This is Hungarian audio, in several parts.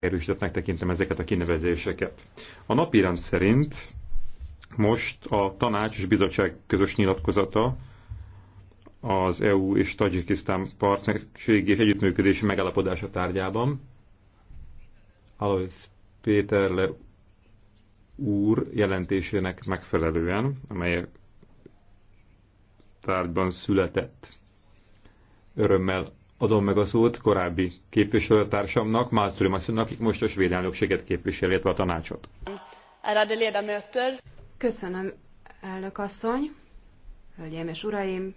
erősítettnek tekintem ezeket a kinevezéseket. A napi rend szerint most a tanács és bizottság közös nyilatkozata az EU és Tajikisztán partnerség és együttműködési megállapodása tárgyában. Alois Péterle úr jelentésének megfelelően, amely tárgyban született. Örömmel adom meg a szót korábbi képviselőtársamnak, Malmström asszonynak, akik most a svéd elnökséget képviseli, illetve a tanácsot. Köszönöm, elnök asszony, hölgyeim és uraim,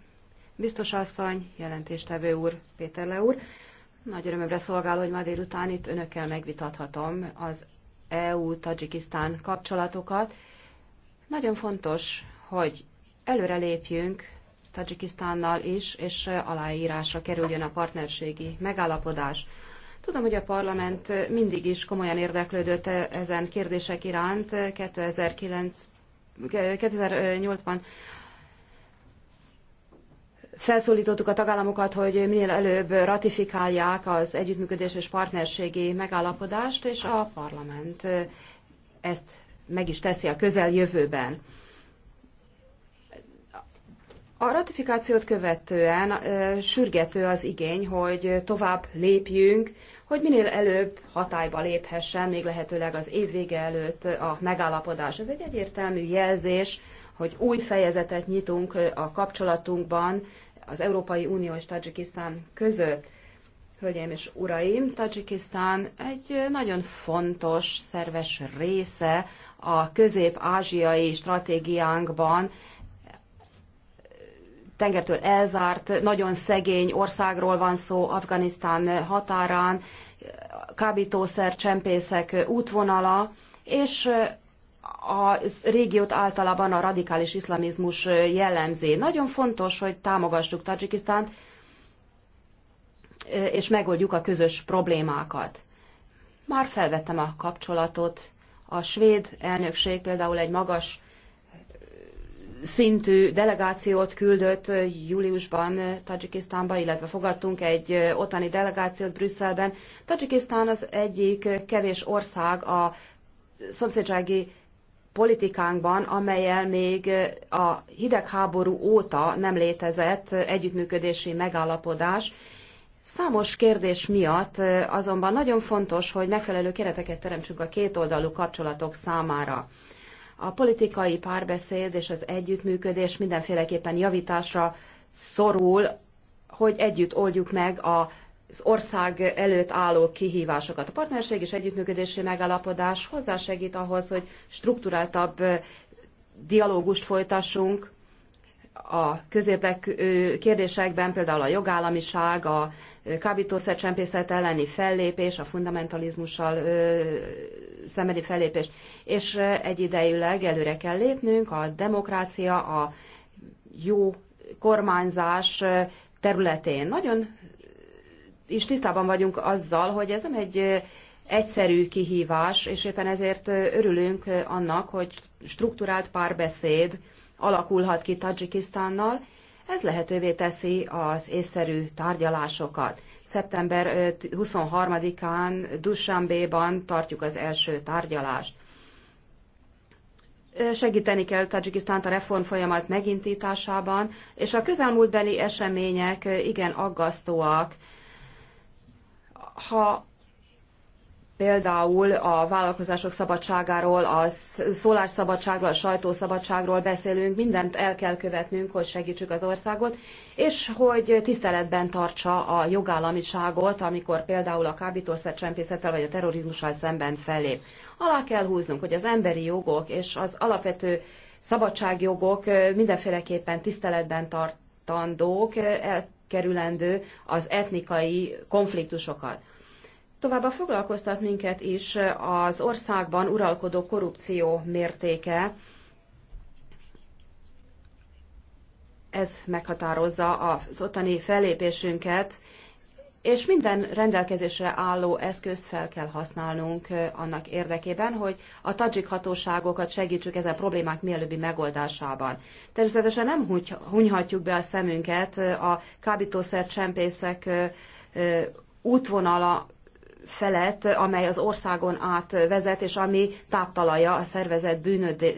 biztos asszony, jelentéstevő úr, Le úr. Nagy örömömre szolgál, hogy ma délután itt önökkel megvitathatom az EU-Tajikisztán kapcsolatokat. Nagyon fontos, hogy előrelépjünk Tajikisztánnal is, és aláírásra kerüljön a partnerségi megállapodás. Tudom, hogy a parlament mindig is komolyan érdeklődött ezen kérdések iránt. 2009, 2008-ban felszólítottuk a tagállamokat, hogy minél előbb ratifikálják az együttműködés és partnerségi megállapodást, és a parlament ezt meg is teszi a közeljövőben. A ratifikációt követően ö, sürgető az igény, hogy tovább lépjünk, hogy minél előbb hatályba léphessen, még lehetőleg az év vége előtt a megállapodás. Ez egy egyértelmű jelzés, hogy új fejezetet nyitunk a kapcsolatunkban az Európai Unió és Tajikisztán között. Hölgyeim és uraim, Tajikisztán egy nagyon fontos, szerves része a közép-ázsiai stratégiánkban, tengertől elzárt, nagyon szegény országról van szó, Afganisztán határán, kábítószer csempészek útvonala, és a régiót általában a radikális iszlamizmus jellemzi. Nagyon fontos, hogy támogassuk Tadzsikisztánt, és megoldjuk a közös problémákat. Már felvettem a kapcsolatot. A svéd elnökség például egy magas szintű delegációt küldött júliusban Tajikisztánba, illetve fogadtunk egy ottani delegációt Brüsszelben. Tajikisztán az egyik kevés ország a szomszédsági politikánkban, amelyel még a hidegháború óta nem létezett együttműködési megállapodás. Számos kérdés miatt azonban nagyon fontos, hogy megfelelő kereteket teremtsünk a kétoldalú kapcsolatok számára. A politikai párbeszéd és az együttműködés mindenféleképpen javításra szorul, hogy együtt oldjuk meg a az ország előtt álló kihívásokat. A partnerség és együttműködési megalapodás hozzásegít ahhoz, hogy strukturáltabb dialógust folytassunk a középek kérdésekben, például a jogállamiság, a kábítószercsempészet elleni fellépés, a fundamentalizmussal szembeni fellépés, és egyidejűleg előre kell lépnünk a demokrácia, a jó kormányzás területén. Nagyon is tisztában vagyunk azzal, hogy ez nem egy egyszerű kihívás, és éppen ezért örülünk annak, hogy strukturált párbeszéd alakulhat ki Tajikisztánnal, ez lehetővé teszi az észszerű tárgyalásokat. Szeptember 23-án Dushanbe-ban tartjuk az első tárgyalást. Segíteni kell Tajikisztánt a reform folyamat megintításában, és a közelmúltbeli események igen aggasztóak. Ha például a vállalkozások szabadságáról, a szólásszabadságról, a sajtószabadságról beszélünk, mindent el kell követnünk, hogy segítsük az országot, és hogy tiszteletben tartsa a jogállamiságot, amikor például a kábítószercsempészettel vagy a terrorizmussal szemben fellép. Alá kell húznunk, hogy az emberi jogok és az alapvető szabadságjogok mindenféleképpen tiszteletben tartandók, elkerülendő az etnikai konfliktusokat. Továbbá foglalkoztat minket is az országban uralkodó korrupció mértéke. Ez meghatározza az ottani fellépésünket, és minden rendelkezésre álló eszközt fel kell használnunk annak érdekében, hogy a tadzsik hatóságokat segítsük ezen problémák mielőbbi megoldásában. Természetesen nem hunyhatjuk be a szemünket a kábítószer csempészek útvonala felett, amely az országon át vezet, és ami táptalaja a szervezet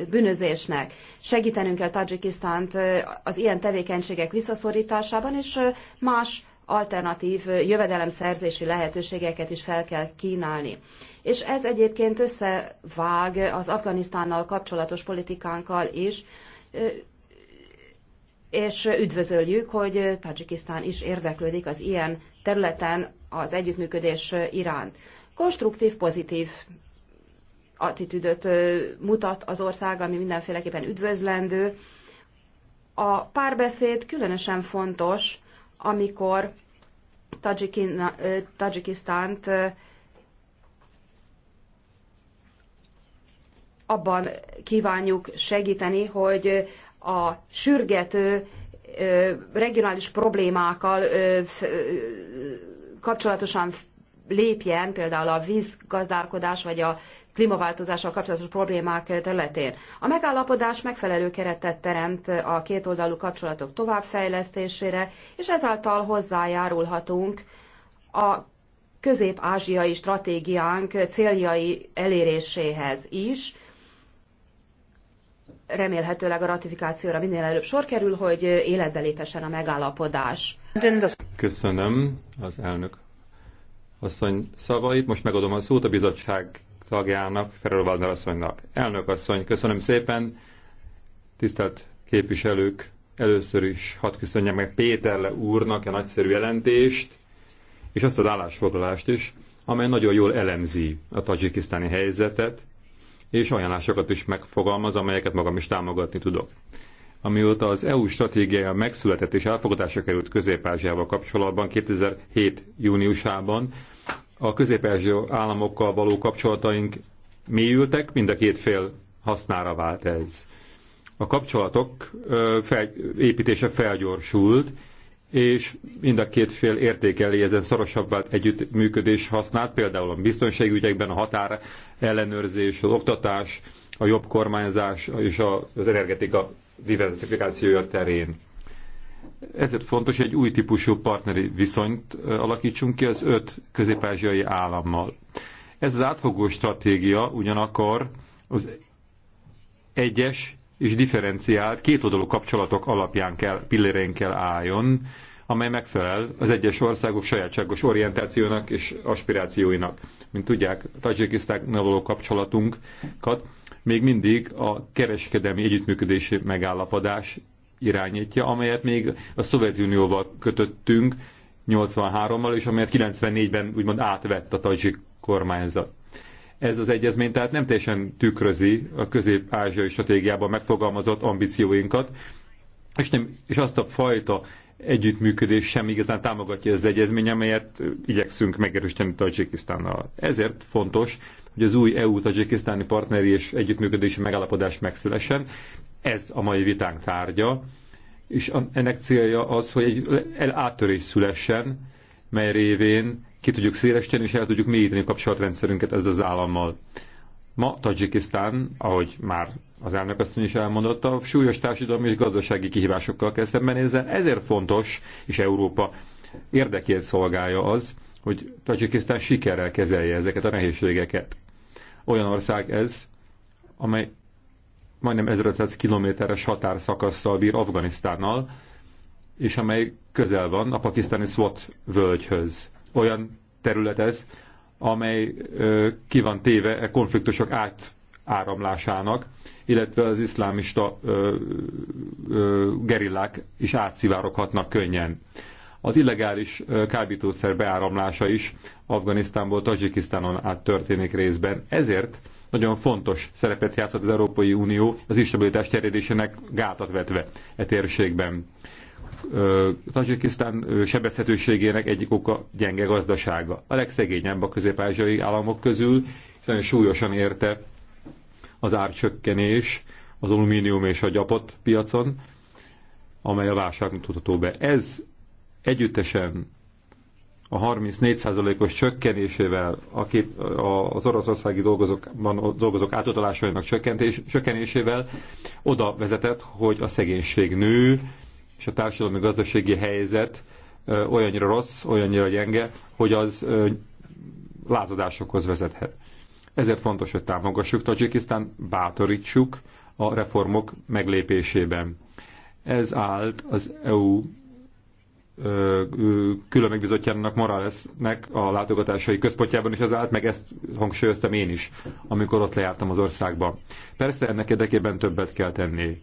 bűnözésnek. Segítenünk kell Tajikisztánt az ilyen tevékenységek visszaszorításában, és más alternatív jövedelemszerzési lehetőségeket is fel kell kínálni. És ez egyébként összevág az Afganisztánnal kapcsolatos politikánkkal is, és üdvözöljük, hogy Tajikisztán is érdeklődik az ilyen területen az együttműködés irán. Konstruktív, pozitív attitűdöt mutat az ország, ami mindenféleképpen üdvözlendő. A párbeszéd különösen fontos, amikor Tajikisztánt abban kívánjuk segíteni, hogy a sürgető regionális problémákkal kapcsolatosan lépjen, például a vízgazdálkodás vagy a klímaváltozással kapcsolatos problémák területén. A megállapodás megfelelő keretet teremt a kétoldalú kapcsolatok továbbfejlesztésére, és ezáltal hozzájárulhatunk a közép-ázsiai stratégiánk céljai eléréséhez is, remélhetőleg a ratifikációra minél előbb sor kerül, hogy életbe lépessen a megállapodás. Köszönöm az elnök asszony szavait. Most megadom a szót a bizottság tagjának, Ferrero Waldner asszonynak. Elnök asszony, köszönöm szépen. Tisztelt képviselők, először is hadd köszönjem meg Péterle úrnak a nagyszerű jelentést, és azt az állásfoglalást is, amely nagyon jól elemzi a tajikisztáni helyzetet, és ajánlásokat is megfogalmaz, amelyeket magam is támogatni tudok. Amióta az EU stratégiája megszületett és elfogadásra került Közép-Ázsiával kapcsolatban 2007. júniusában, a közép államokkal való kapcsolataink mélyültek, mind a két fél hasznára vált ez. A kapcsolatok építése felgyorsult, és mind a két fél értékeli ezen szorosabbá együttműködés hasznát, például a biztonságügyekben, a határ ellenőrzés, az oktatás, a jobb kormányzás és az energetika diversifikációja terén. Ezért fontos, hogy egy új típusú partneri viszonyt alakítsunk ki az öt közép állammal. Ez az átfogó stratégia ugyanakkor az egyes és differenciált kétoldalú kapcsolatok alapján kell, pillérén kell álljon, amely megfelel az egyes országok sajátságos orientációnak és aspirációinak. Mint tudják, Tajikisztánnal való kapcsolatunkat még mindig a kereskedelmi együttműködési megállapodás irányítja, amelyet még a Szovjetunióval kötöttünk 83-mal, és amelyet 94-ben úgymond átvett a tajik kormányzat. Ez az egyezmény tehát nem teljesen tükrözi a közép-ázsiai stratégiában megfogalmazott ambícióinkat, és, nem, és azt a fajta együttműködés sem igazán támogatja az egyezmény, amelyet igyekszünk megerősíteni Tajikisztánnal. Ezért fontos, hogy az új EU-tajikisztáni partneri és együttműködési megállapodás megszülessen. Ez a mai vitánk tárgya, és ennek célja az, hogy egy áttörés szülessen, mely révén ki tudjuk szélesíteni és el tudjuk mélyíteni a kapcsolatrendszerünket ezzel az állammal. Ma Tajikisztán, ahogy már az elnök asszony is elmondotta, súlyos társadalmi és gazdasági kihívásokkal kell szembenézzen. Ezért fontos, és Európa érdekét szolgálja az, hogy Tajikisztán sikerrel kezelje ezeket a nehézségeket. Olyan ország ez, amely majdnem 1500 kilométeres határszakaszsal bír Afganisztánnal, és amely közel van a pakisztáni SWAT völgyhöz olyan terület ez, amely ki van téve a e konfliktusok átáramlásának, illetve az iszlámista ö, ö, gerillák is átszivároghatnak könnyen. Az illegális kábítószer beáramlása is Afganisztánból Tajikisztánon át történik részben. Ezért nagyon fontos szerepet játszhat az Európai Unió az instabilitás terjedésének gátat vetve e térségben. Tajikisztán sebezhetőségének egyik oka gyenge gazdasága. A legszegényebb a közép államok közül, és nagyon súlyosan érte az árcsökkenés az alumínium és a gyapot piacon, amely a válság mutatható be. Ez együttesen a 34%-os csökkenésével, aki az oroszországi dolgozókban, dolgozók átutalásainak csökkenésével oda vezetett, hogy a szegénység nő, és a társadalmi gazdasági helyzet olyannyira rossz, olyannyira gyenge, hogy az lázadásokhoz vezethet. Ezért fontos, hogy támogassuk Tajikisztán, bátorítsuk a reformok meglépésében. Ez állt az EU külön megbizottjának Moralesnek a látogatásai központjában is az állt, meg ezt hangsúlyoztam én is, amikor ott lejártam az országba. Persze ennek érdekében többet kell tenni.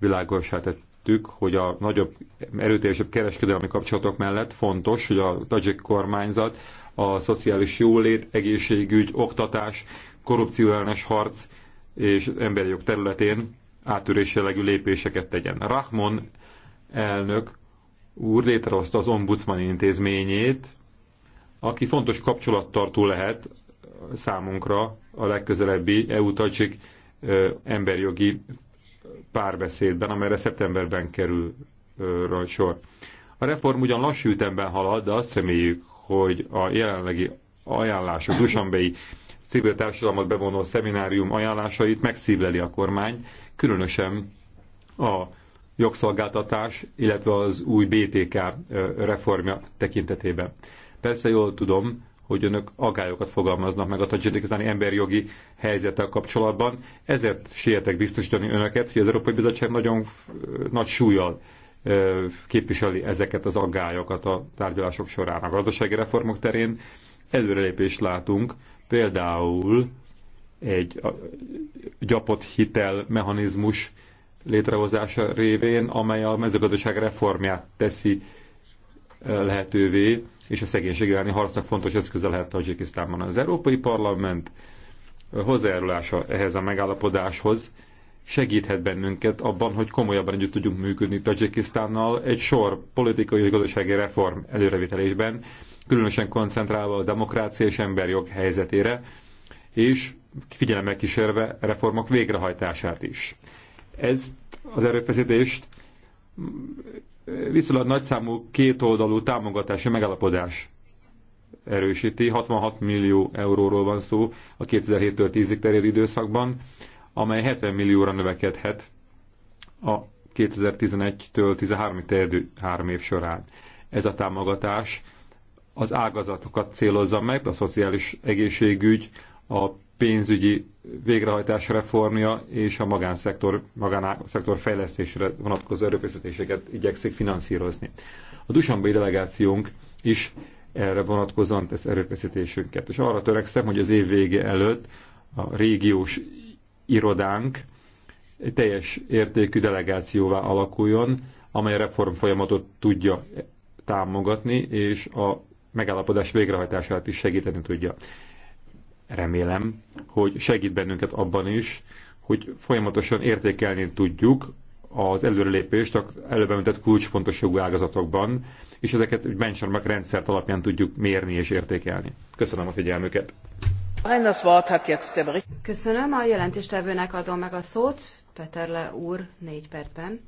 Világosá tett említettük, hogy a nagyobb, erőteljesebb kereskedelmi kapcsolatok mellett fontos, hogy a tajik kormányzat a szociális jólét, egészségügy, oktatás, korrupcióellenes harc és emberi jog területén átörés jellegű lépéseket tegyen. Rahmon elnök úr létrehozta az ombudsman intézményét, aki fontos kapcsolattartó lehet számunkra a legközelebbi EU-tajik emberjogi párbeszédben, amelyre szeptemberben kerül rá sor. A reform ugyan lassú ütemben halad, de azt reméljük, hogy a jelenlegi ajánlások, Dusanbei civil társadalmat bevonó szeminárium ajánlásait megszívleli a kormány, különösen a jogszolgáltatás, illetve az új BTK reformja tekintetében. Persze jól tudom, hogy önök agályokat fogalmaznak meg a tajikisztáni emberjogi helyzettel kapcsolatban. Ezért sietek biztosítani önöket, hogy az Európai Bizottság nagyon nagy súlyjal képviseli ezeket az aggályokat a tárgyalások során. A gazdasági reformok terén előrelépést látunk, például egy gyapott hitel mechanizmus létrehozása révén, amely a mezőgazdaság reformját teszi lehetővé, és a szegénység elleni harcnak fontos eszköze lehet Tajikisztánban. Az Európai Parlament hozzájárulása ehhez a megállapodáshoz segíthet bennünket abban, hogy komolyabban együtt tudjunk működni Tajikisztánnal egy sor politikai és gazdasági reform előrevételésben, különösen koncentrálva a demokrácia és emberjog helyzetére, és figyelemmel kísérve reformok végrehajtását is. Ezt az erőfeszítést viszonylag nagyszámú kétoldalú támogatási megállapodás erősíti. 66 millió euróról van szó a 2007-től 10-ig terjedő időszakban, amely 70 millióra növekedhet a 2011-től 13-ig terjedő három év során. Ez a támogatás az ágazatokat célozza meg, a szociális egészségügy, a pénzügyi végrehajtás reformja és a magánszektor, magánszektor fejlesztésre vonatkozó erőfeszítéseket igyekszik finanszírozni. A Dusanbai delegációnk is erre vonatkozóan tesz erőfeszítésünket. És arra törekszem, hogy az év vége előtt a régiós irodánk egy teljes értékű delegációvá alakuljon, amely a reform folyamatot tudja támogatni, és a megállapodás végrehajtását is segíteni tudja. Remélem, hogy segít bennünket abban is, hogy folyamatosan értékelni tudjuk az előrelépést az előbb említett kulcsfontosságú ágazatokban, és ezeket egy benchmark rendszert alapján tudjuk mérni és értékelni. Köszönöm a figyelmüket. Köszönöm, a jelentéstevőnek adom meg a szót. Peterle úr, négy percben.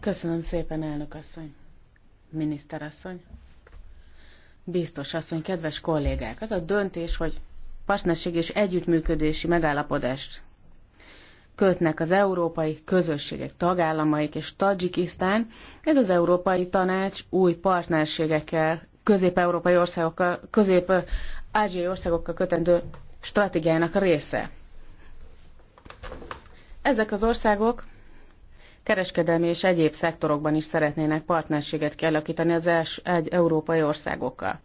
Köszönöm szépen, elnök asszony, miniszter asszony. Biztos asszony, kedves kollégák, az a döntés, hogy partnerség és együttműködési megállapodást kötnek az európai közösségek tagállamaik és Tadzsikisztán. Ez az Európai Tanács új partnerségekkel, közép-európai országokkal, közép-ázsiai országokkal kötendő stratégiának része. Ezek az országok kereskedelmi és egyéb szektorokban is szeretnének partnerséget kialakítani az els, egy európai országokkal.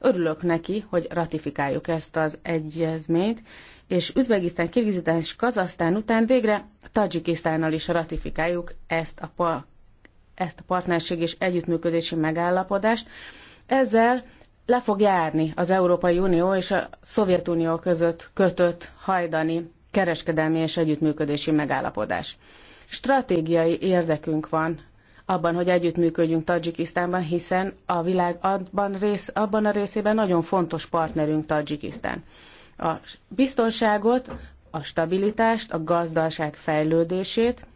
Örülök neki, hogy ratifikáljuk ezt az egyezményt, és Üzbegisztán, Kirgizisztán és Kazasztán után végre Tajikisztánnal is ratifikáljuk ezt a, partnerségi ezt a partnerség és együttműködési megállapodást. Ezzel le fog járni az Európai Unió és a Szovjetunió között kötött hajdani kereskedelmi és együttműködési megállapodás stratégiai érdekünk van abban, hogy együttműködjünk Tadzsikisztánban, hiszen a világ abban, rész, abban a részében nagyon fontos partnerünk Tadzsikisztán. A biztonságot, a stabilitást, a gazdaság fejlődését,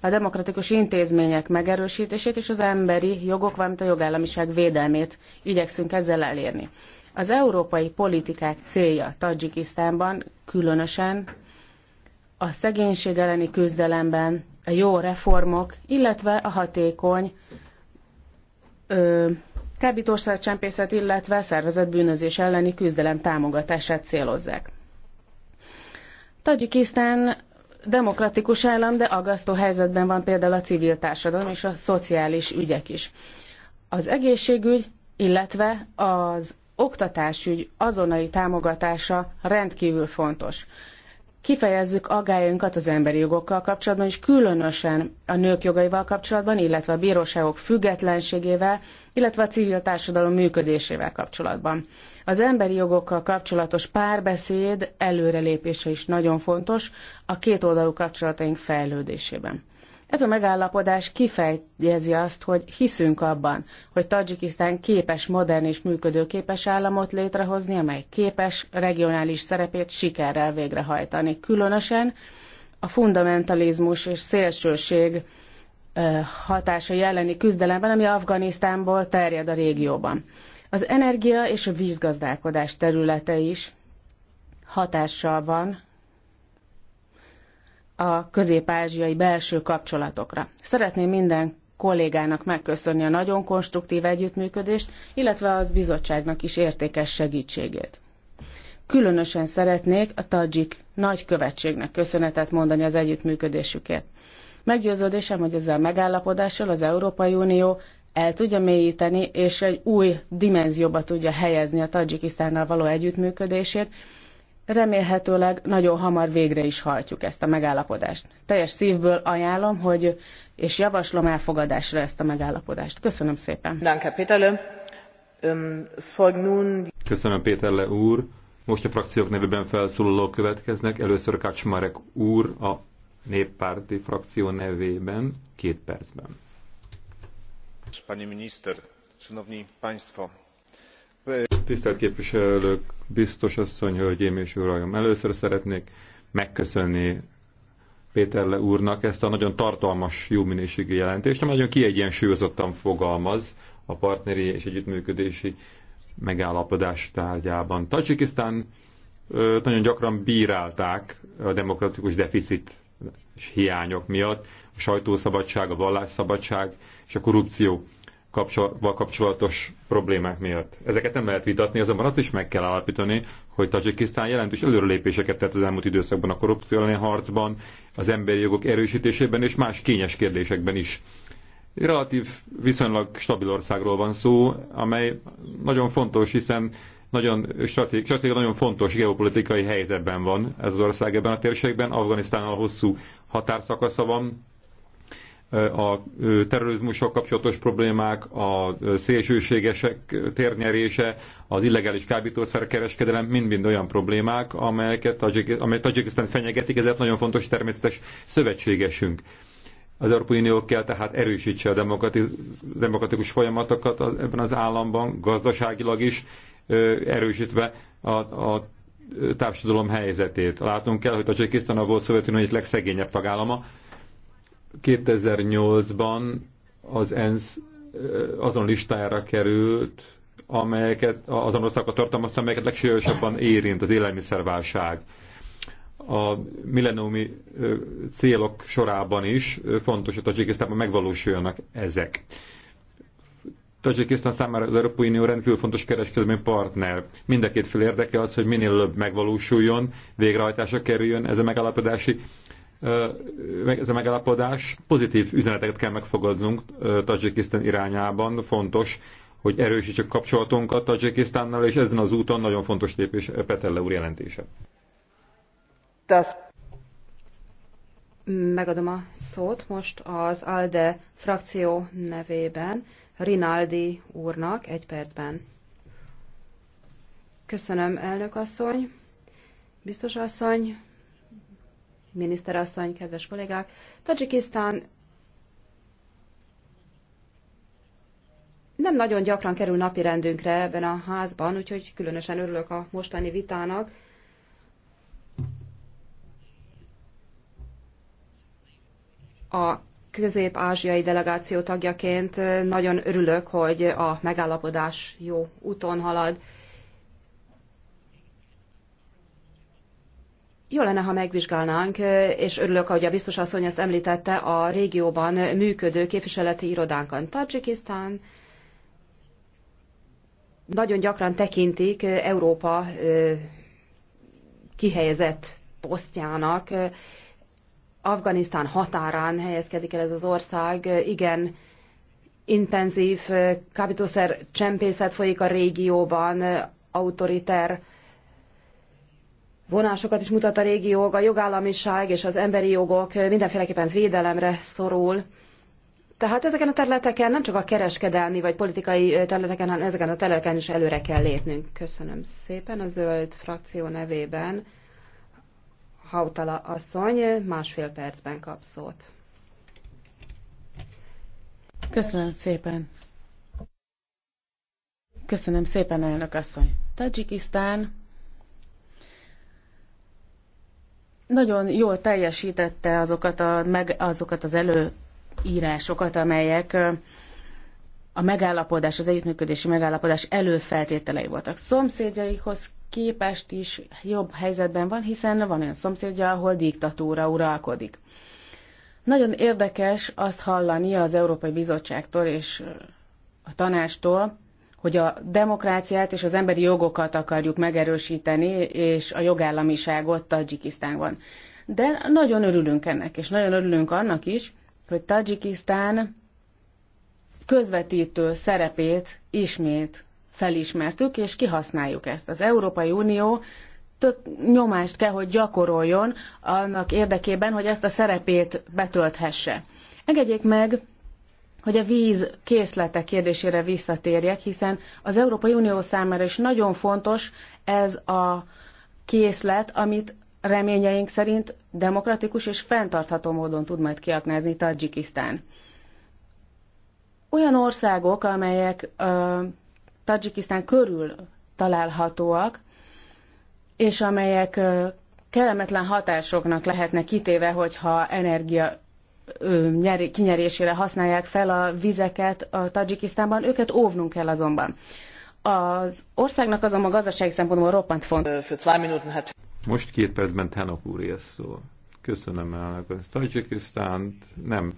a demokratikus intézmények megerősítését és az emberi jogok, valamint a jogállamiság védelmét igyekszünk ezzel elérni. Az európai politikák célja Tadzsikisztánban különösen a szegénység elleni küzdelemben, a jó reformok, illetve a hatékony ö, kábítószercsempészet, illetve szervezett bűnözés elleni küzdelem támogatását célozzák. Tajikisztán demokratikus állam, de agasztó helyzetben van például a civil társadalom és a szociális ügyek is. Az egészségügy, illetve az oktatásügy azonnali támogatása rendkívül fontos kifejezzük aggályainkat az emberi jogokkal kapcsolatban, és különösen a nők jogaival kapcsolatban, illetve a bíróságok függetlenségével, illetve a civil társadalom működésével kapcsolatban. Az emberi jogokkal kapcsolatos párbeszéd előrelépése is nagyon fontos a kétoldalú kapcsolataink fejlődésében. Ez a megállapodás kifejezi azt, hogy hiszünk abban, hogy Tadzsikisztán képes modern és működőképes államot létrehozni, amely képes regionális szerepét sikerrel végrehajtani. Különösen a fundamentalizmus és szélsőség hatása elleni küzdelemben, ami Afganisztánból terjed a régióban. Az energia és a vízgazdálkodás területe is hatással van a közép-ázsiai belső kapcsolatokra. Szeretném minden kollégának megköszönni a nagyon konstruktív együttműködést, illetve az bizottságnak is értékes segítségét. Különösen szeretnék a Tajik nagykövetségnek köszönetet mondani az együttműködésükért. Meggyőződésem, hogy ezzel megállapodással az Európai Unió el tudja mélyíteni, és egy új dimenzióba tudja helyezni a Tajikisztánnal való együttműködését, remélhetőleg nagyon hamar végre is hajtjuk ezt a megállapodást. Teljes szívből ajánlom, hogy és javaslom elfogadásra ezt a megállapodást. Köszönöm szépen. Danke, Köszönöm, Péterle úr. Most a frakciók nevében felszólalók következnek. Először Kacsmarek úr a néppárti frakció nevében két percben. Panie minister, szanowni państwo, tisztelt képviselők, biztos asszony, hölgyeim és uraim, először szeretnék megköszönni Péterle úrnak ezt a nagyon tartalmas, jó minőségű jelentést, ami nagyon kiegyensúlyozottan fogalmaz a partneri és együttműködési megállapodás tárgyában. Tajikisztán nagyon gyakran bírálták a demokratikus deficit és hiányok miatt, a sajtószabadság, a vallásszabadság és a korrupció kapcsolatban kapcsolatos problémák miatt. Ezeket nem lehet vitatni, azonban azt is meg kell állapítani, hogy Tajikisztán jelentős előrelépéseket tett az elmúlt időszakban a korrupció elleni harcban, az emberi jogok erősítésében és más kényes kérdésekben is. Relatív, viszonylag stabil országról van szó, amely nagyon fontos, hiszen nagyon stratég, stratég, nagyon fontos geopolitikai helyzetben van ez az ország ebben a térségben. Afganisztánnal hosszú határszakasza van, a terrorizmussal kapcsolatos problémák, a szélsőségesek térnyerése, az illegális kábítószerkereskedelem mind-mind olyan problémák, amelyeket amely Tajikisztán fenyegetik, ezért nagyon fontos természetes szövetségesünk. Az Európai Unió kell tehát erősítse a demokratikus folyamatokat ebben az államban, gazdaságilag is erősítve a, a társadalom helyzetét. Látunk, kell, hogy Tajikisztán a volt Szovjetunió egyik legszegényebb tagállama, 2008-ban az ENSZ azon listájára került, amelyeket, azon országokat tartalmazta, amelyeket legsúlyosabban érint az élelmiszerválság. A millenniumi célok sorában is fontos, hogy Tajikisztánban megvalósuljanak ezek. Tajikisztán számára az Európai Unió rendkívül fontos kereskedelmi partner. Mindenkét két fél érdeke az, hogy minél előbb megvalósuljon, végrehajtásra kerüljön ez a megállapodási ez a megállapodás. Pozitív üzeneteket kell megfogadnunk Tajikisztán irányában. Fontos, hogy erősítsük kapcsolatunkat Tajikisztánnal, és ezen az úton nagyon fontos lépés Petelle úr jelentése. Das. Megadom a szót most az ALDE frakció nevében Rinaldi úrnak egy percben. Köszönöm, elnök asszony. Biztos asszony, miniszterasszony, kedves kollégák! Tajikisztán nem nagyon gyakran kerül napirendünkre ebben a házban, úgyhogy különösen örülök a mostani vitának. A közép-ázsiai delegáció tagjaként nagyon örülök, hogy a megállapodás jó úton halad. Jó lenne, ha megvizsgálnánk, és örülök, ahogy a biztos asszony ezt említette, a régióban működő képviseleti irodánkon. Tajikisztán nagyon gyakran tekintik Európa kihelyezett posztjának. Afganisztán határán helyezkedik el ez az ország. Igen, intenzív kábítószer csempészet folyik a régióban, autoriter vonásokat is mutat a régi jog, a jogállamiság és az emberi jogok mindenféleképpen védelemre szorul. Tehát ezeken a területeken, nem csak a kereskedelmi vagy politikai területeken, hanem ezeken a területeken is előre kell lépnünk. Köszönöm szépen a zöld frakció nevében. Hautala asszony másfél percben kap szót. Köszönöm szépen. Köszönöm szépen, elnök asszony. Tajikisztán nagyon jól teljesítette azokat, a, meg, azokat az előírásokat, amelyek a megállapodás, az együttműködési megállapodás előfeltételei voltak. Szomszédjaikhoz képest is jobb helyzetben van, hiszen van olyan szomszédja, ahol diktatúra uralkodik. Nagyon érdekes azt hallani az Európai Bizottságtól és a tanástól, hogy a demokráciát és az emberi jogokat akarjuk megerősíteni, és a jogállamiságot Tajikisztánban. De nagyon örülünk ennek, és nagyon örülünk annak is, hogy Tajikisztán közvetítő szerepét ismét felismertük, és kihasználjuk ezt. Az Európai Unió tök nyomást kell, hogy gyakoroljon annak érdekében, hogy ezt a szerepét betölthesse. Engedjék meg, hogy a víz készlete kérdésére visszatérjek, hiszen az Európai Unió számára is nagyon fontos ez a készlet, amit reményeink szerint demokratikus és fenntartható módon tud majd kiaknázni Tadzsikisztán. Olyan országok, amelyek ö, Tadzsikisztán körül találhatóak, és amelyek kellemetlen hatásoknak lehetnek kitéve, hogyha energia kinyerésére használják fel a vizeket a Tajikisztánban, őket óvnunk kell azonban. Az országnak azonban gazdasági szempontból roppant fontos. Hát- Most két percben Tenok úr szól. Köszönöm elnök. Tajikisztánt nem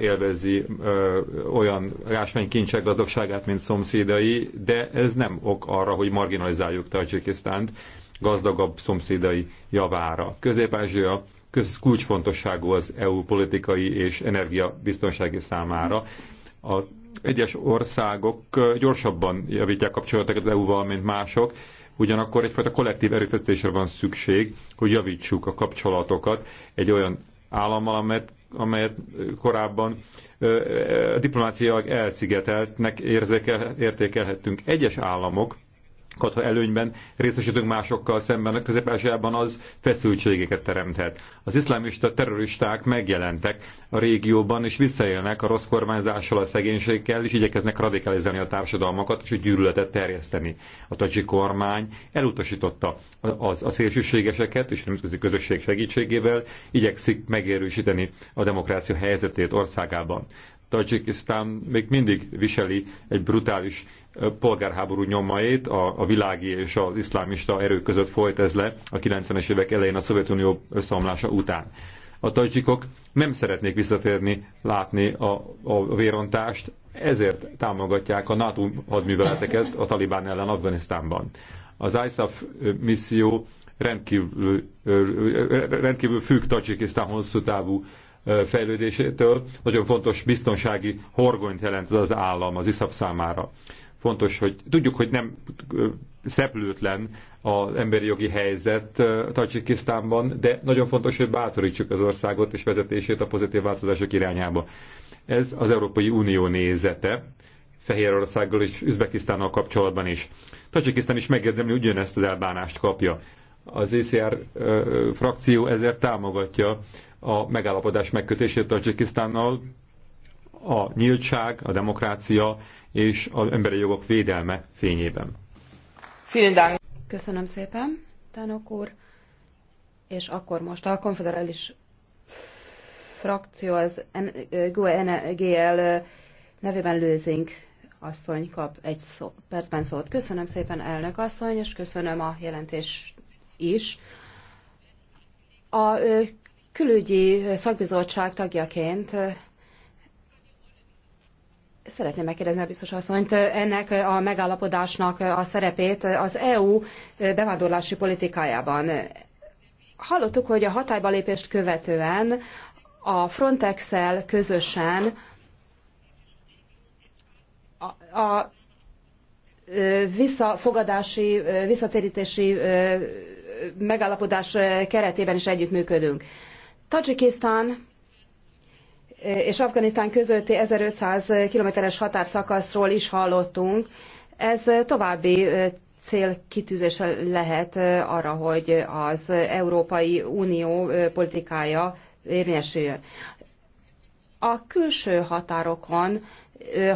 élvezi ö, olyan rásványkincsek gazdagságát, mint szomszédai, de ez nem ok arra, hogy marginalizáljuk Tajikisztánt gazdagabb szomszédai javára. Közép-Ázsia közkulcsfontosságú az EU politikai és energiabiztonsági számára. A egyes országok gyorsabban javítják kapcsolatokat az EU-val, mint mások, ugyanakkor egyfajta kollektív erőfeszítésre van szükség, hogy javítsuk a kapcsolatokat egy olyan állammal, amelyet, amelyet korábban diplomáciai elszigeteltnek érzékel, értékelhettünk. Egyes államok katha előnyben részesítünk másokkal szemben, a közép az feszültségeket teremthet. Az iszlámista terroristák megjelentek a régióban, és visszaélnek a rossz kormányzással, a szegénységgel, és igyekeznek radikalizálni a társadalmakat, és a gyűlöletet terjeszteni. A tajik kormány elutasította az, a szélsőségeseket, és a nemzetközi közösség segítségével igyekszik megerősíteni a demokrácia helyzetét országában. Tajikisztán még mindig viseli egy brutális polgárháború nyomait, a, a világi és az iszlámista erők között folyt ez le a 90-es évek elején a Szovjetunió összeomlása után. A tajcsikok nem szeretnék visszatérni, látni a, a vérontást, ezért támogatják a NATO hadműveleteket a Talibán ellen Afganisztánban. Az ISAF misszió rendkívül, rendkívül függ Tajikisztán hosszú távú fejlődésétől. Nagyon fontos biztonsági horgonyt jelent az állam az ISZAP számára. Fontos, hogy tudjuk, hogy nem szeplőtlen az emberi jogi helyzet Tajikisztánban, de nagyon fontos, hogy bátorítsuk az országot és vezetését a pozitív változások irányába. Ez az Európai Unió nézete, Fehérországgal és Üzbekisztánnal kapcsolatban is. Tajikisztán is megérdemli, hogy ugyanezt az elbánást kapja. Az ECR frakció ezért támogatja a megállapodás megkötését Tajikisztánnal, a nyíltság, a demokrácia és az emberi jogok védelme fényében. Köszönöm szépen, Tánok úr. És akkor most a konfederális frakció, az gue nevében Lőzink asszony kap egy szó, percben szót. Köszönöm szépen, elnök asszony, és köszönöm a jelentés is. A külügyi szakbizottság tagjaként Szeretném megkérdezni a biztos asszonyt ennek a megállapodásnak a szerepét az EU bevándorlási politikájában. Hallottuk, hogy a hatályba lépést követően a Frontex-el közösen a, a visszafogadási, visszatérítési megállapodás keretében is együttműködünk. Tajikisztán eh, és Afganisztán közötti 1500 kilométeres határszakaszról is hallottunk. Ez eh, további eh, célkitűzése lehet arra, hogy az Európai Unió politikája érvényesüljön. A külső határokon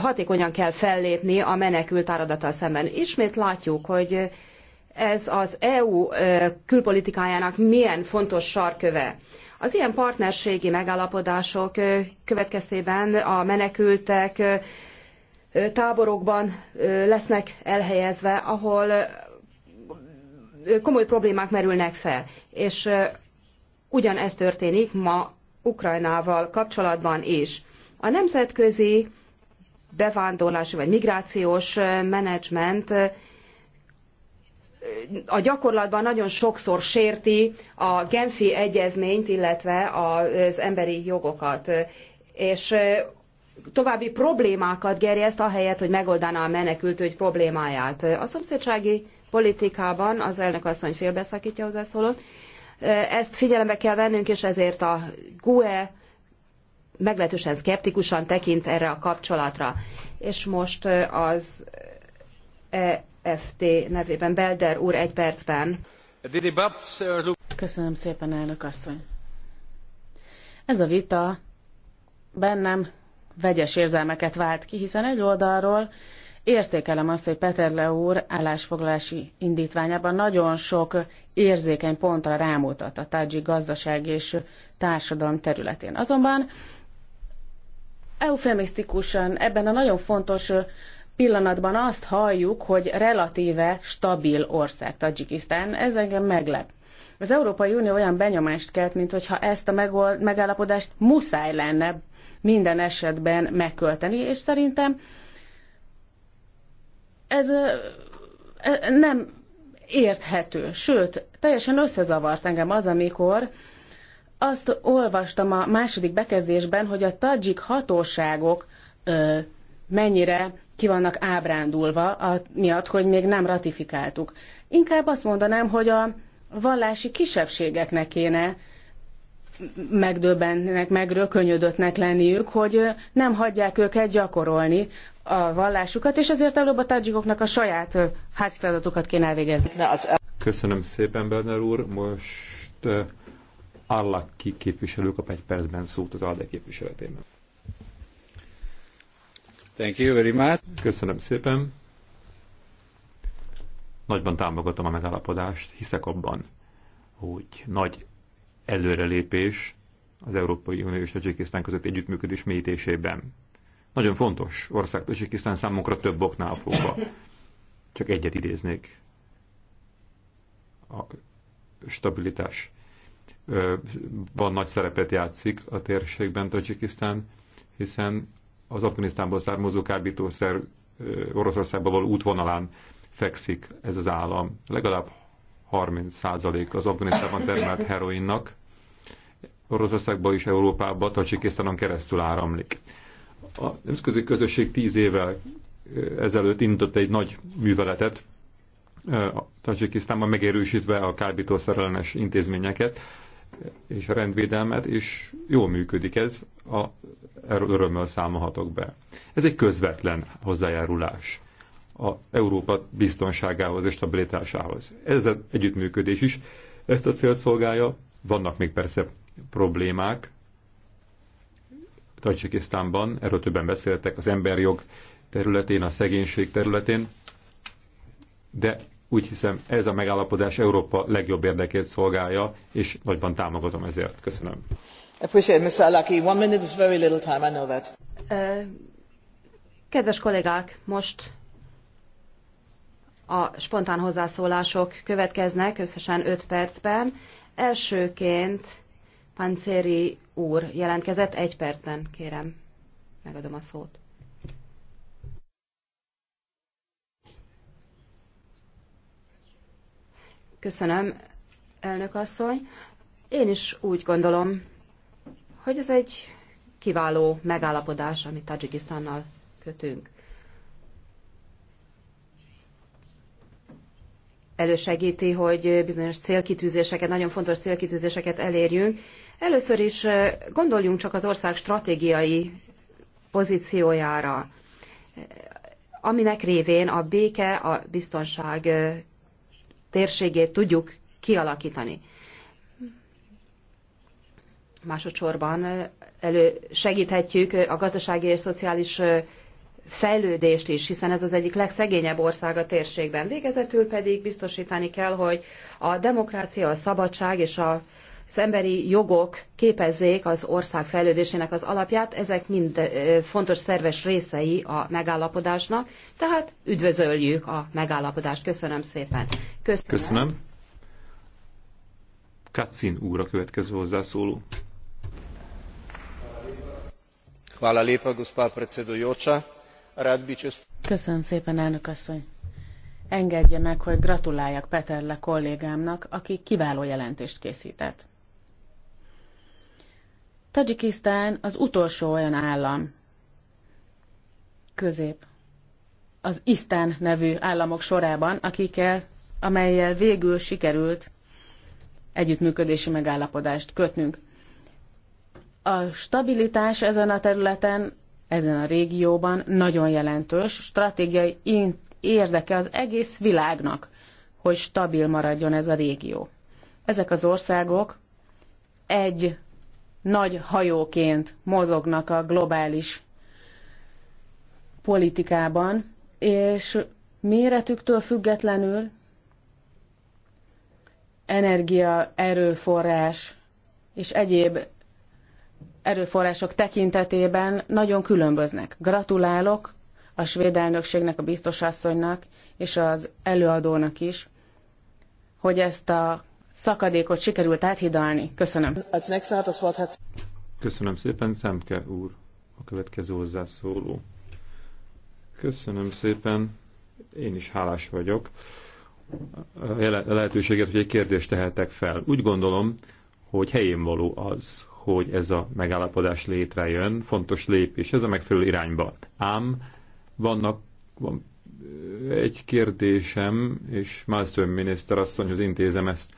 hatékonyan kell fellépni a menekült áradattal szemben. Ismét látjuk, hogy ez az EU külpolitikájának milyen fontos sarköve. Az ilyen partnerségi megállapodások következtében a menekültek táborokban lesznek elhelyezve, ahol komoly problémák merülnek fel. És ugyanez történik ma Ukrajnával kapcsolatban is. A nemzetközi bevándorlási vagy migrációs menedzsment a gyakorlatban nagyon sokszor sérti a Genfi egyezményt, illetve az emberi jogokat. És további problémákat gerjeszt, ahelyett, hogy megoldaná a menekültügy problémáját. A szomszédsági politikában az elnök asszony félbeszakítja hozzászólót. Ezt figyelembe kell vennünk, és ezért a GUE meglehetősen szkeptikusan tekint erre a kapcsolatra. És most az FT nevében. Belder úr, egy percben. Uh, Köszönöm szépen, elnök asszony. Ez a vita bennem vegyes érzelmeket vált ki, hiszen egy oldalról értékelem azt, hogy Peter úr állásfoglalási indítványában nagyon sok érzékeny pontra rámutat a tajik gazdaság és társadalom területén. Azonban eufemisztikusan ebben a nagyon fontos pillanatban azt halljuk, hogy relatíve stabil ország Tadzsikisztán. Ez engem meglep. Az Európai Unió olyan benyomást kelt, mintha ezt a megold, megállapodást muszáj lenne minden esetben megkölteni, és szerintem ez e, nem érthető. Sőt, teljesen összezavart engem az, amikor azt olvastam a második bekezdésben, hogy a tadzsik hatóságok mennyire ki vannak ábrándulva, a, miatt, hogy még nem ratifikáltuk. Inkább azt mondanám, hogy a vallási kisebbségeknek kéne megdöbbennek, megrökönyödöttnek lenniük, hogy nem hagyják őket gyakorolni a vallásukat, és ezért előbb a tadzsikoknak a saját házi feladatokat kéne elvégezni. Köszönöm szépen, Berner úr. Most uh, Allaki képviselő kap egy percben szót az ALDE képviseletében. Thank you very much. Köszönöm szépen. Nagyban támogatom a megállapodást, hiszek abban, hogy nagy előrelépés az Európai Unió és Tajikisztán között együttműködés mélyítésében. Nagyon fontos ország Tajikisztán számunkra több oknál fogva. Csak egyet idéznék. A stabilitás van nagy szerepet játszik a térségben Tajikisztán, hiszen az Afganisztánból származó kábítószer Oroszországba való útvonalán fekszik ez az állam. Legalább 30% az Afganisztánban termelt heroinnak Oroszországba és Európába, Tacsikisztánon keresztül áramlik. A nemzetközi közösség 10 évvel ezelőtt indított egy nagy műveletet, Tajikisztánban megerősítve a kábítószerellenes intézményeket, és a rendvédelmet, és jól működik ez, a, erről örömmel számolhatok be. Ez egy közvetlen hozzájárulás a Európa biztonságához és stabilitásához. Ez az együttműködés is ezt a célt szolgálja. Vannak még persze problémák, Tajcsikisztánban, erről többen beszéltek, az emberjog területén, a szegénység területén, de úgy hiszem, ez a megállapodás Európa legjobb érdekét szolgálja, és nagyban támogatom ezért. Köszönöm. Mr. Alaki. One minute is very little time, I know that. Kedves kollégák, most a spontán hozzászólások következnek, összesen 5 percben. Elsőként Pancéri úr jelentkezett, egy percben kérem, megadom a szót. Köszönöm, elnök asszony. Én is úgy gondolom, hogy ez egy kiváló megállapodás, amit Tajikisztánnal kötünk. Elősegíti, hogy bizonyos célkitűzéseket, nagyon fontos célkitűzéseket elérjünk. Először is eh, gondoljunk csak az ország stratégiai pozíciójára, eh, aminek révén a béke, a biztonság eh, térségét tudjuk kialakítani. Másodszorban elő segíthetjük a gazdasági és szociális fejlődést is, hiszen ez az egyik legszegényebb ország a térségben. Végezetül pedig biztosítani kell, hogy a demokrácia, a szabadság és a az emberi jogok képezzék az ország fejlődésének az alapját, ezek mind fontos szerves részei a megállapodásnak, tehát üdvözöljük a megállapodást. Köszönöm szépen. Köszönöm. Köszönöm. Kacin úr a következő hozzászóló. Köszönöm szépen, elnök asszony. Engedje meg, hogy gratuláljak Peterle kollégámnak, aki kiváló jelentést készített. Tajikisztán az utolsó olyan állam, közép, az Isztán nevű államok sorában, akikkel, amelyel végül sikerült együttműködési megállapodást kötnünk. A stabilitás ezen a területen, ezen a régióban nagyon jelentős, stratégiai érdeke az egész világnak, hogy stabil maradjon ez a régió. Ezek az országok egy nagy hajóként mozognak a globális politikában, és méretüktől függetlenül energia, erőforrás és egyéb erőforrások tekintetében nagyon különböznek. Gratulálok a svéd elnökségnek, a biztosasszonynak és az előadónak is, hogy ezt a szakadékot sikerült áthidalni. Köszönöm. Köszönöm szépen, Szemke úr, a következő hozzászóló. Köszönöm szépen, én is hálás vagyok a lehetőséget, hogy egy kérdést tehetek fel. Úgy gondolom, hogy helyén való az, hogy ez a megállapodás létrejön, fontos lépés, ez a megfelelő irányba. Ám vannak van, egy kérdésem, és Malmström miniszter asszonyhoz intézem ezt,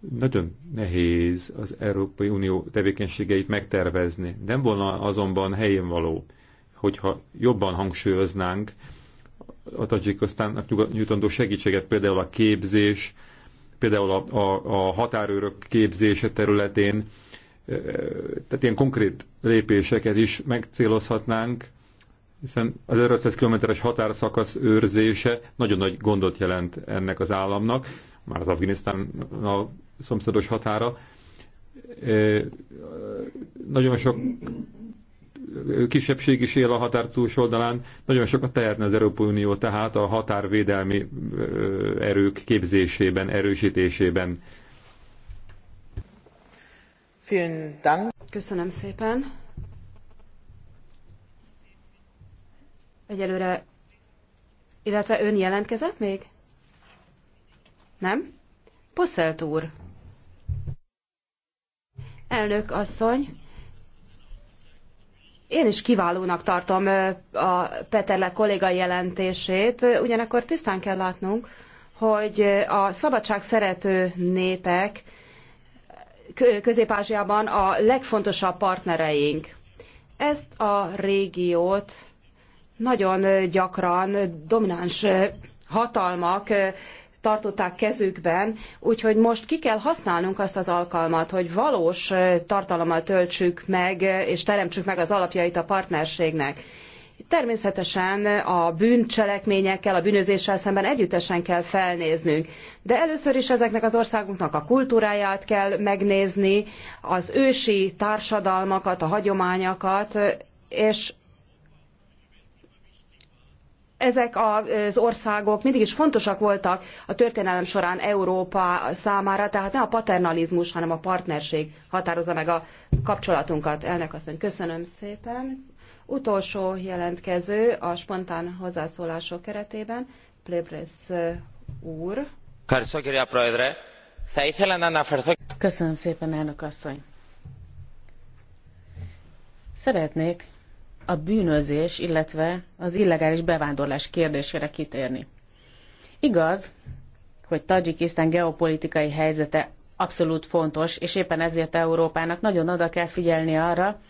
nagyon nehéz az Európai Unió tevékenységeit megtervezni. Nem volna azonban helyén való, hogyha jobban hangsúlyoznánk a Tajikisztánnak nyújtandó segítséget, például a képzés, például a, a, a határőrök képzése területén, tehát ilyen konkrét lépéseket is megcélozhatnánk, hiszen az 1500 kilométeres határszakasz őrzése nagyon nagy gondot jelent ennek az államnak, már az Afganisztán a szomszédos határa. Nagyon sok kisebbség is él a határ túlsoldalán, nagyon sokat tehetne az Európai Unió tehát a határvédelmi erők képzésében, erősítésében. Köszönöm szépen. Egyelőre, illetve ön jelentkezett még? Nem? Posselt úr. Elnök asszony, én is kiválónak tartom a Peterle kolléga jelentését, ugyanakkor tisztán kell látnunk, hogy a szabadság szerető népek Közép-Ázsiában a legfontosabb partnereink. Ezt a régiót nagyon gyakran domináns hatalmak tartották kezükben, úgyhogy most ki kell használnunk azt az alkalmat, hogy valós tartalommal töltsük meg, és teremtsük meg az alapjait a partnerségnek. Természetesen a bűncselekményekkel, a bűnözéssel szemben együttesen kell felnéznünk, de először is ezeknek az országoknak a kultúráját kell megnézni, az ősi társadalmakat, a hagyományokat, és ezek az országok mindig is fontosak voltak a történelem során Európa számára, tehát ne a paternalizmus, hanem a partnerség határozza meg a kapcsolatunkat. Elnök asszony, köszönöm szépen. Utolsó jelentkező a spontán hozzászólások keretében, Plébrész úr. Köszönöm szépen, elnök asszony. Szeretnék a bűnözés, illetve az illegális bevándorlás kérdésére kitérni. Igaz, hogy Tajikisztán geopolitikai helyzete abszolút fontos, és éppen ezért Európának nagyon oda kell figyelni arra,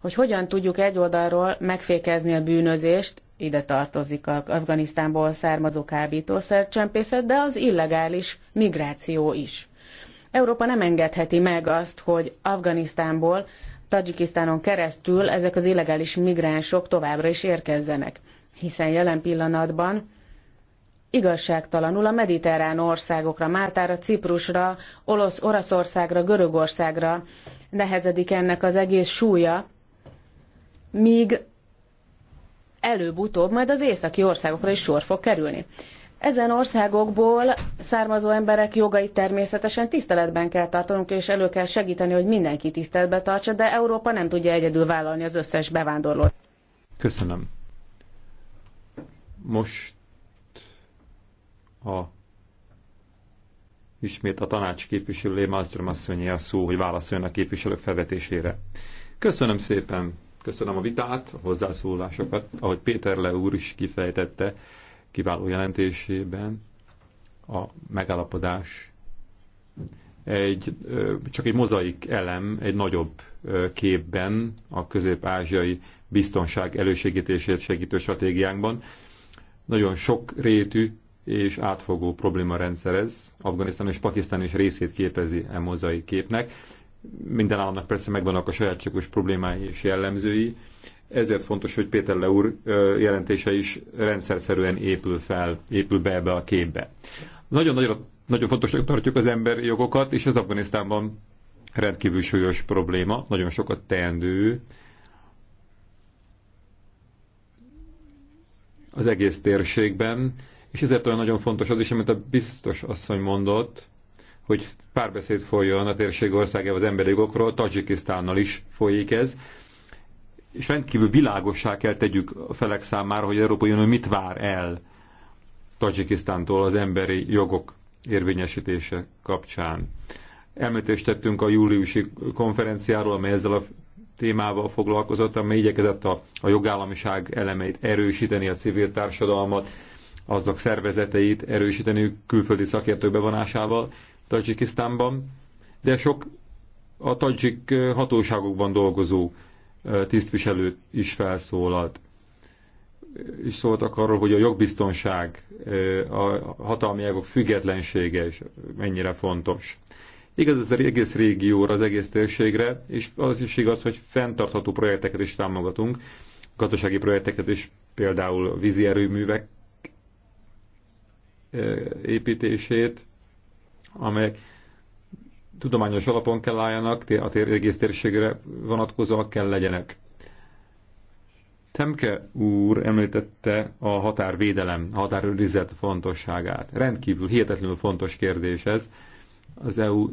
hogy hogyan tudjuk egy oldalról megfékezni a bűnözést, ide tartozik az Afganisztánból származó kábítószercsempészet, de az illegális migráció is. Európa nem engedheti meg azt, hogy Afganisztánból Tajikisztánon keresztül ezek az illegális migránsok továbbra is érkezzenek, hiszen jelen pillanatban igazságtalanul a mediterrán országokra, Máltára, Ciprusra, Olosz, Oroszországra, Görögországra nehezedik ennek az egész súlya, míg előbb-utóbb majd az északi országokra is sor fog kerülni. Ezen országokból származó emberek jogait természetesen tiszteletben kell tartanunk, és elő kell segíteni, hogy mindenki tiszteletbe tartsa, de Európa nem tudja egyedül vállalni az összes bevándorlót. Köszönöm. Most a ismét a tanács képviselője Malmström asszonyé a szó, hogy válaszoljon a képviselők felvetésére. Köszönöm szépen, köszönöm a vitát, a hozzászólásokat, ahogy Péter Le úr is kifejtette, kiváló jelentésében a megállapodás egy, csak egy mozaik elem egy nagyobb képben a közép-ázsiai biztonság elősegítését segítő stratégiánkban. Nagyon sok rétű és átfogó probléma rendszerez. Afganisztán és Pakisztán is részét képezi a e mozaik képnek. Minden államnak persze megvannak a sajátságos problémái és jellemzői, ezért fontos, hogy Péter Leúr úr jelentése is rendszerszerűen épül fel, épül be ebbe a képbe. Nagyon, nagyon, nagyon fontosnak tartjuk az emberi jogokat, és ez Afganisztánban rendkívül súlyos probléma, nagyon sokat teendő. az egész térségben, és ezért olyan nagyon fontos az is, amit a biztos asszony mondott, hogy párbeszéd folyjon a térség országában az emberi jogokról, Tajikisztánnal is folyik ez, és rendkívül világossá kell tegyük a felek számára, hogy Európai Unió mit vár el Tajikisztántól az emberi jogok érvényesítése kapcsán. Elmetést tettünk a júliusi konferenciáról, amely ezzel a témával foglalkozott, amely igyekezett a, a jogállamiság elemeit erősíteni, a civil társadalmat, azok szervezeteit erősíteni külföldi szakértők bevonásával Tajikisztánban, de sok a Tajik hatóságokban dolgozó tisztviselő is felszólalt, és szóltak arról, hogy a jogbiztonság, a hatalmi jogok függetlensége is mennyire fontos. Igaz az egész régióra, az egész térségre, és az is igaz, hogy fenntartható projekteket is támogatunk, gazdasági projekteket is, például vízi erőművek építését, amelyek tudományos alapon kell álljanak, a tér, egész térségre vonatkozóak kell legyenek. Temke úr említette a határvédelem, a határőrizet fontosságát. Rendkívül, hihetetlenül fontos kérdés ez. Az EU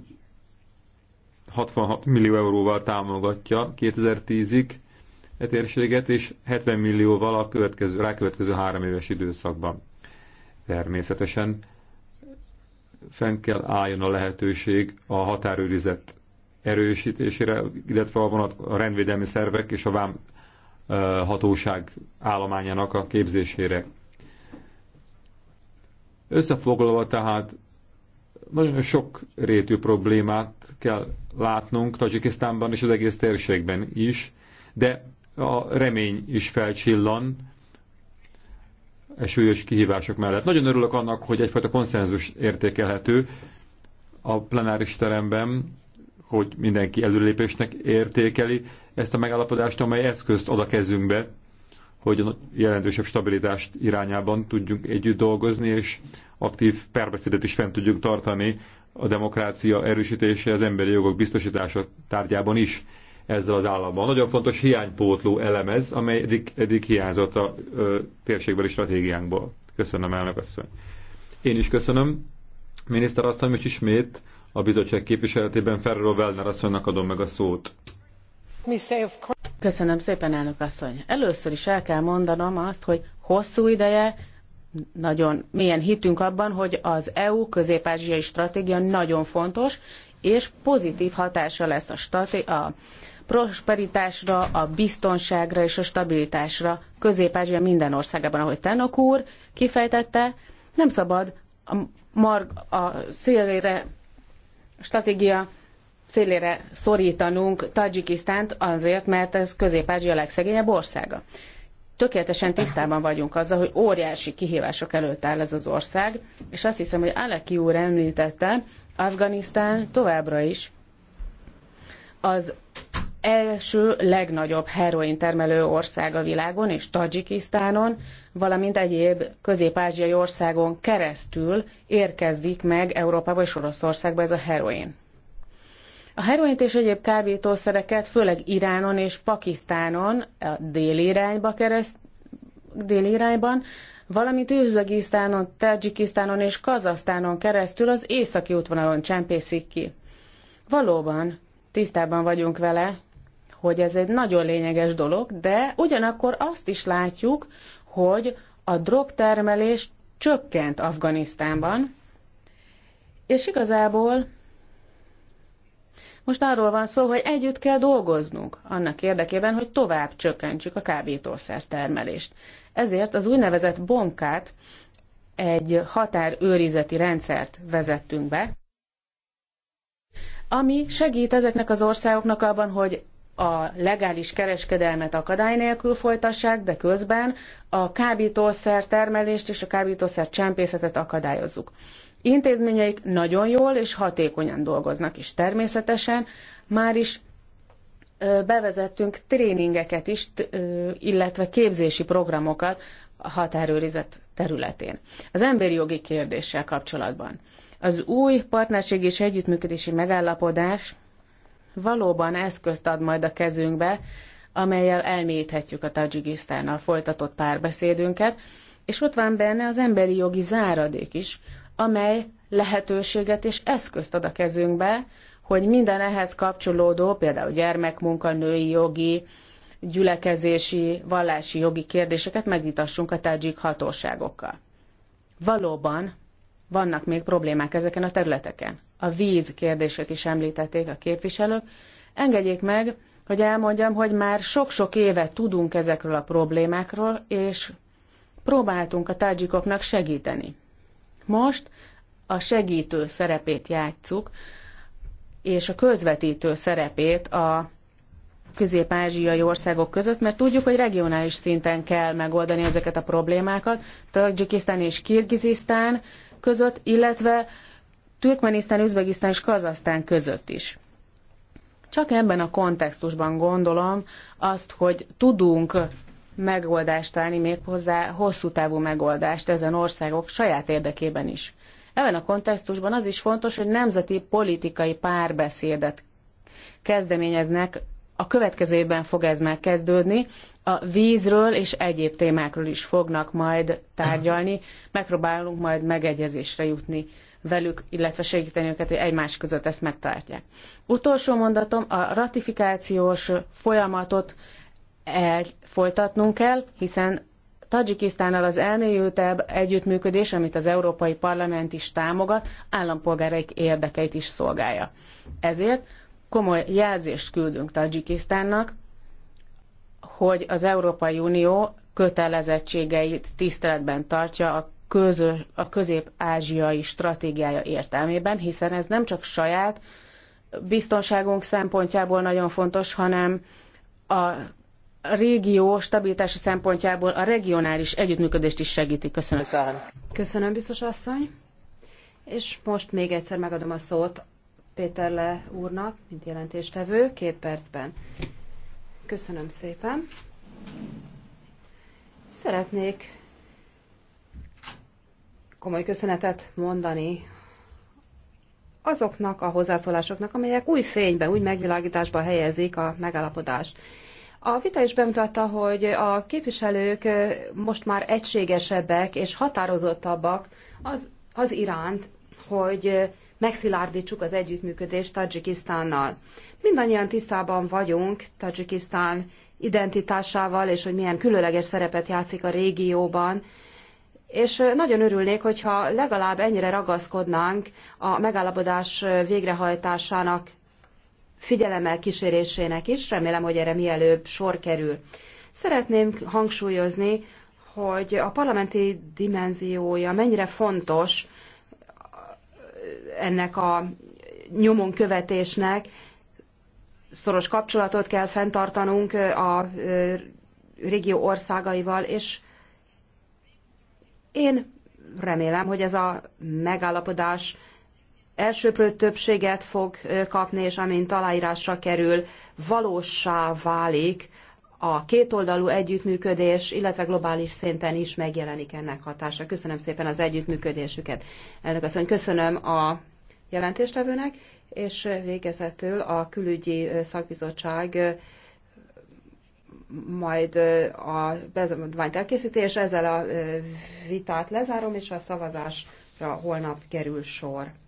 66 millió euróval támogatja 2010-ig e térséget, és 70 millióval a következő, rákövetkező három éves időszakban. Természetesen fenn kell álljon a lehetőség a határőrizet erősítésére, illetve a, vonat, a rendvédelmi szervek és a vám hatóság állományának a képzésére. Összefoglalva tehát nagyon sok rétű problémát kell látnunk Tajikisztánban és az egész térségben is, de a remény is felcsillan, E súlyos kihívások mellett. Nagyon örülök annak, hogy egyfajta konszenzus értékelhető a plenáris teremben, hogy mindenki előlépésnek értékeli ezt a megállapodást, amely eszközt ad a kezünkbe, hogy a jelentősebb stabilitást irányában tudjunk együtt dolgozni, és aktív párbeszédet is fent tudjuk tartani a demokrácia erősítése, az emberi jogok biztosítása tárgyában is ezzel az állammal. Nagyon fontos hiánypótló elemez, amely eddig, eddig hiányzott a ö, térségbeli stratégiánkból. Köszönöm, elnök asszony. Én is köszönöm. Miniszter asszony, most ismét a bizottság képviseletében Ferro Wellner asszonynak adom meg a szót. Köszönöm szépen, elnök asszony. Először is el kell mondanom azt, hogy hosszú ideje nagyon milyen hitünk abban, hogy az EU közép-ázsiai stratégia nagyon fontos, és pozitív hatása lesz a, stati- a prosperitásra, a biztonságra és a stabilitásra Közép-Ázsia minden országában, ahogy Tenok úr kifejtette, nem szabad a, marg, a szélére a stratégia szélére szorítanunk Tajikisztánt azért, mert ez Közép-Ázsia legszegényebb országa. Tökéletesen tisztában vagyunk azzal, hogy óriási kihívások előtt áll ez az ország, és azt hiszem, hogy Aleki úr említette, Afganisztán továbbra is az első legnagyobb heroin termelő ország a világon, és Tadzsikisztánon, valamint egyéb közép-ázsiai országon keresztül érkezik meg Európába és Oroszországba ez a heroin. A heroint és egyéb kábítószereket főleg Iránon és Pakisztánon, a déli irányba kereszt, déli irányban, valamint Üzbegisztánon, Tajikisztánon és Kazasztánon keresztül az északi útvonalon csempészik ki. Valóban, tisztában vagyunk vele, hogy ez egy nagyon lényeges dolog, de ugyanakkor azt is látjuk, hogy a drogtermelés csökkent Afganisztánban, és igazából most arról van szó, hogy együtt kell dolgoznunk annak érdekében, hogy tovább csökkentsük a kábítószer termelést. Ezért az úgynevezett bonkát, egy határőrizeti rendszert vezettünk be, ami segít ezeknek az országoknak abban, hogy a legális kereskedelmet akadály nélkül folytassák, de közben a kábítószer termelést és a kábítószer csempészetet akadályozzuk. Intézményeik nagyon jól és hatékonyan dolgoznak, és természetesen már is bevezettünk tréningeket is, illetve képzési programokat a határőrizet területén. Az emberi jogi kérdéssel kapcsolatban. Az új partnerség és együttműködési megállapodás valóban eszközt ad majd a kezünkbe, amelyel elmélyíthetjük a Tajikisztánnal folytatott párbeszédünket, és ott van benne az emberi jogi záradék is, amely lehetőséget és eszközt ad a kezünkbe, hogy minden ehhez kapcsolódó, például gyermekmunka, női jogi, gyülekezési, vallási jogi kérdéseket megvitassunk a tajik hatóságokkal. Valóban vannak még problémák ezeken a területeken. A víz kérdését is említették a képviselők. Engedjék meg, hogy elmondjam, hogy már sok-sok éve tudunk ezekről a problémákról, és próbáltunk a tádzsikoknak segíteni. Most a segítő szerepét játsszuk, és a közvetítő szerepét a közép-ázsiai országok között, mert tudjuk, hogy regionális szinten kell megoldani ezeket a problémákat. Tajikisztán és Kirgizisztán között, illetve Türkmenisztán, Üzbegisztán és Kazasztán között is. Csak ebben a kontextusban gondolom azt, hogy tudunk megoldást találni, hozzá hosszú távú megoldást ezen országok saját érdekében is. Ebben a kontextusban az is fontos, hogy nemzeti politikai párbeszédet kezdeményeznek a következő évben fog ez megkezdődni. A vízről és egyéb témákról is fognak majd tárgyalni. Megpróbálunk majd megegyezésre jutni velük, illetve segíteni őket, hogy egymás között ezt megtartják. Utolsó mondatom, a ratifikációs folyamatot folytatnunk kell, hiszen Tajikisztánnal az elmélyültebb együttműködés, amit az Európai Parlament is támogat, állampolgáraik érdekeit is szolgálja. Ezért komoly jelzést küldünk Tajikisztánnak, hogy az Európai Unió kötelezettségeit tiszteletben tartja a, közö, a közép-ázsiai stratégiája értelmében, hiszen ez nem csak saját biztonságunk szempontjából nagyon fontos, hanem a régió stabilitása szempontjából a regionális együttműködést is segíti. Köszönöm. Köszönöm, biztos asszony. És most még egyszer megadom a szót Péterle úrnak, mint jelentéstevő, két percben. Köszönöm szépen. Szeretnék komoly köszönetet mondani azoknak a hozzászólásoknak, amelyek új fénybe, új megvilágításba helyezik a megállapodást. A vita is bemutatta, hogy a képviselők most már egységesebbek és határozottabbak az, az iránt, hogy megszilárdítsuk az együttműködést Tadzsikisztánnal. Mindannyian tisztában vagyunk Tadzsikisztán identitásával, és hogy milyen különleges szerepet játszik a régióban, és nagyon örülnék, hogyha legalább ennyire ragaszkodnánk a megállapodás végrehajtásának figyelemmel kísérésének is, remélem, hogy erre mielőbb sor kerül. Szeretném hangsúlyozni, hogy a parlamenti dimenziója mennyire fontos ennek a nyomon követésnek szoros kapcsolatot kell fenntartanunk a régió országaival, és én remélem, hogy ez a megállapodás elsőprő többséget fog kapni, és amint aláírásra kerül, valósá válik a kétoldalú együttműködés, illetve globális szinten is megjelenik ennek hatása. Köszönöm szépen az együttműködésüket. Elnök asszony, köszönöm a jelentéstevőnek, és végezetül a külügyi szakbizottság majd a elkészíti, és ezzel a vitát lezárom, és a szavazásra holnap kerül sor.